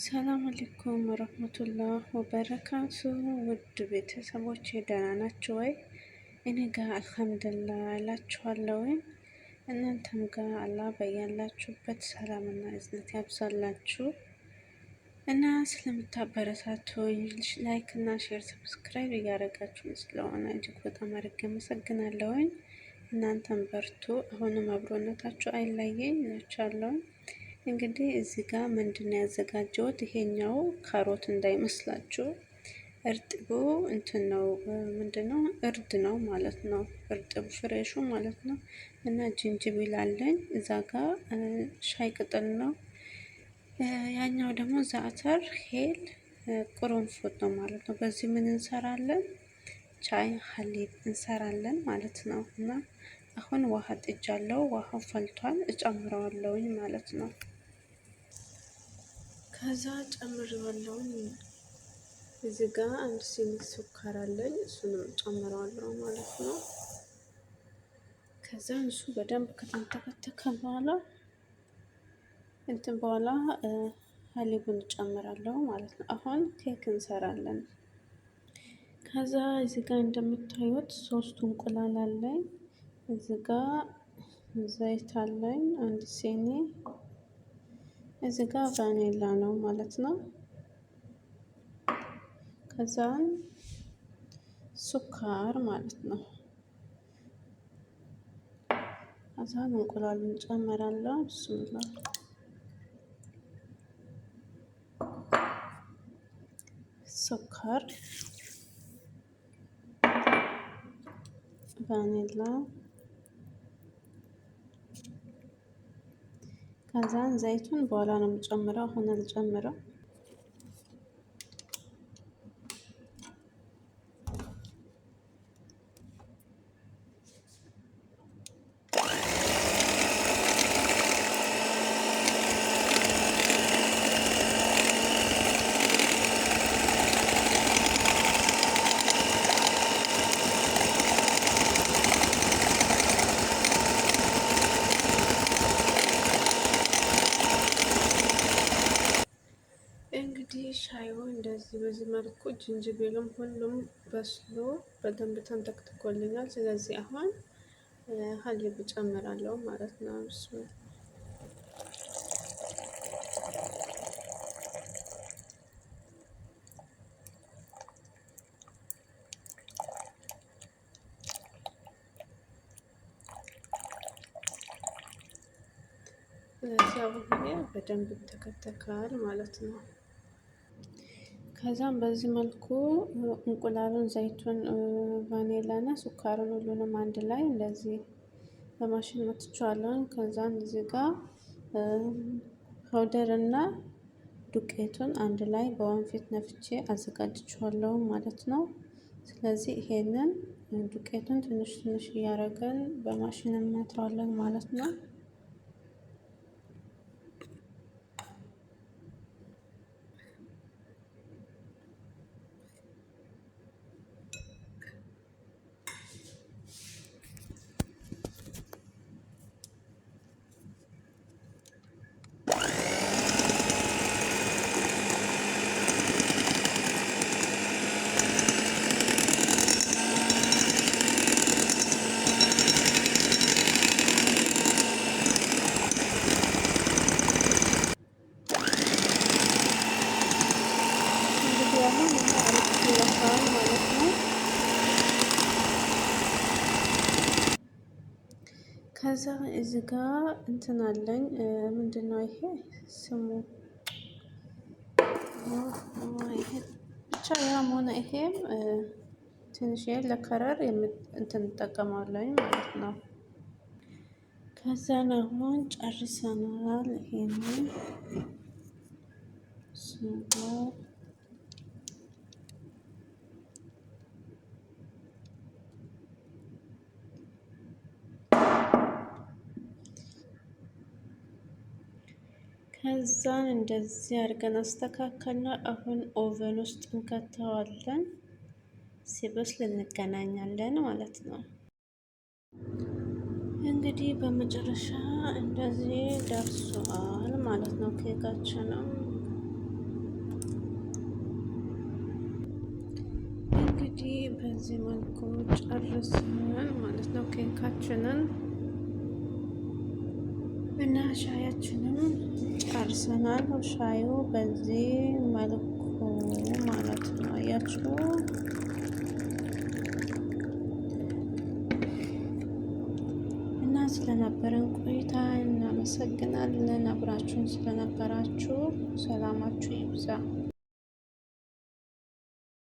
ሰላም አለይኩም ወረህመቱላህ ወበረካቱ ውድ ቤተሰቦች ደህና ናችሁ ወይ? እኔ ጋር አልሐምዱሊላህ እላችኋለሁ። እናንተም ጋር አላህ በያላችሁበት ሰላምና እዝነት ያብዛላችሁ እና ስለምታበረታቱኝ ላይክ እና ሼር ሰብስክራይብ እያደረጋችሁ ስለሆነ እጅግ በጣም አድርጌ አመሰግናለሁኝ። እናንተም በርቱ፣ አሁንም አብሮነታችሁ አይለየኝ እላችኋለሁ። እንግዲህ እዚህ ጋር ምንድን ያዘጋጀውት ያዘጋጀሁት? ይሄኛው ካሮት እንዳይመስላችሁ እርጥቡ እንትን ነው ምንድን ነው እርድ ነው ማለት ነው። እርጥቡ ፍሬሹ ማለት ነው። እና ጅንጅብል አለኝ እዛ ጋ ሻይ ቅጠል ነው። ያኛው ደግሞ ዛተር ሄል ቁርንፉድ ነው ማለት ነው። በዚህ ምን እንሰራለን? ቻይ ሀሊብ እንሰራለን ማለት ነው። እና አሁን ውሃ ጥጃለው። ውሃው ፈልቷል፣ እጨምረዋለሁኝ ማለት ነው። ከዛ ጨምረዋለሁኝ። እዚ ጋ አንድ ሲኒ ስኳር አለኝ እሱንም ጨምረዋለሁ ማለት ነው። ከዛ እሱ በደንብ ከተንተከተከ በኋላ እንትን በኋላ ሀሊቡን ጨምራለሁ ማለት ነው። አሁን ኬክ እንሰራለን። ከዛ እዚህ ጋ እንደምታዩት ሶስቱ እንቁላል አለኝ። እዚ ጋ ዘይት አለኝ አንድ ሲኒ እዚህ ጋር ቫኔላ ነው ማለት ነው። ከዛን ሱካር ማለት ነው። ከዛን እንቁላል እንጨምራለሁ። ብስምላ ሱካር ቫኔላ ከዛን ዘይቱን በኋላ ነው የምጨምረው፣ አሁን አልጨምረው። በዚህ በዚህ መልኩ ጅንጅብልም ሁሉም በስሎ በደንብ ተንተክትኮልኛል። ስለዚህ አሁን ሀሊብ ጨምራለሁ ማለት ነው። እሱ ስለዚህ አሁን በደንብ ተከተካል ማለት ነው። ከዛም በዚህ መልኩ እንቁላሉን፣ ዘይቱን፣ ቫኔላ እና ሱካሩን ሁሉንም አንድ ላይ እንደዚህ በማሽን መትቸዋለን። ከዛም እዚህ ጋር ፓውደር እና ዱቄቱን አንድ ላይ በወንፊት ነፍቼ አዘጋጅቸዋለሁ ማለት ነው። ስለዚህ ይሄንን ዱቄቱን ትንሽ ትንሽ እያደረገን በማሽን እንመታዋለን ማለት ነው። ከዛ እዚ ጋ እንትን አለኝ ምንድን ነው ይሄ ስሙ ብቻ ያም ሆነ ይሄም ትንሽ ለከረር እንትን ማለት ነው። ከዛን አሁን ጨርሰናል ይሄንን ከዛን እንደዚህ አድርገን አስተካከልና አሁን ኦቨን ውስጥ እንከተዋለን። ሲበስል እንገናኛለን ማለት ነው። እንግዲህ በመጨረሻ እንደዚህ ደርሷል ማለት ነው ኬካችንም እንግዲህ በዚህ መልኩ ጨርሰን ማለት ነው ኬካችንን እና ሻያችንም ጨርሰናል። ሻዩ በዚህ መልኩ ማለት ነው። አያችሁ እና ስለነበረን ቆይታ እናመሰግናለን። አብራችሁን ስለነበራችሁ ሰላማችሁ ይብዛ።